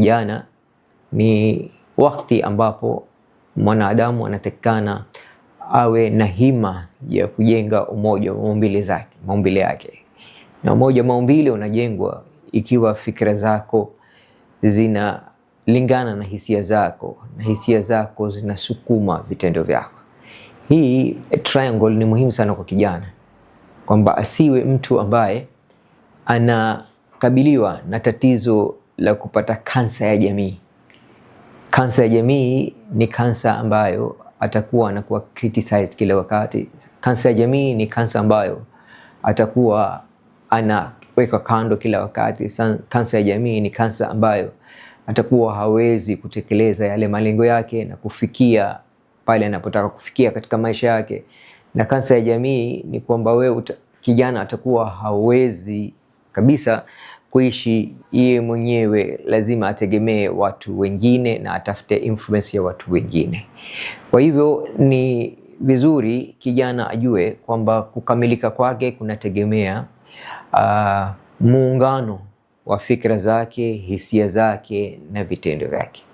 ujana ni wakati ambapo mwanadamu anatakikana awe na hima ya kujenga umoja wa maumbile zake, maumbile yake. Na umoja wa maumbile unajengwa ikiwa fikra zako zinalingana na hisia zako na hisia zako zinasukuma vitendo vyako. Hii triangle ni muhimu sana kwa kijana, kwamba asiwe mtu ambaye anakabiliwa na tatizo la kupata kansa ya jamii. Kansa ya jamii ni kansa ambayo atakuwa anakuwa criticized kila wakati. Kansa ya jamii ni kansa ambayo atakuwa anaweka kando kila wakati. Kansa ya jamii ni kansa ambayo atakuwa hawezi kutekeleza yale malengo yake na kufikia pale anapotaka kufikia katika maisha yake. Na kansa ya jamii ni kwamba wewe kijana atakuwa hawezi kabisa kuishi yeye mwenyewe lazima ategemee watu wengine na atafute influence ya watu wengine. Kwa hivyo ni vizuri kijana ajue kwamba kukamilika kwake kunategemea uh, muungano wa fikra zake, hisia zake na vitendo vyake.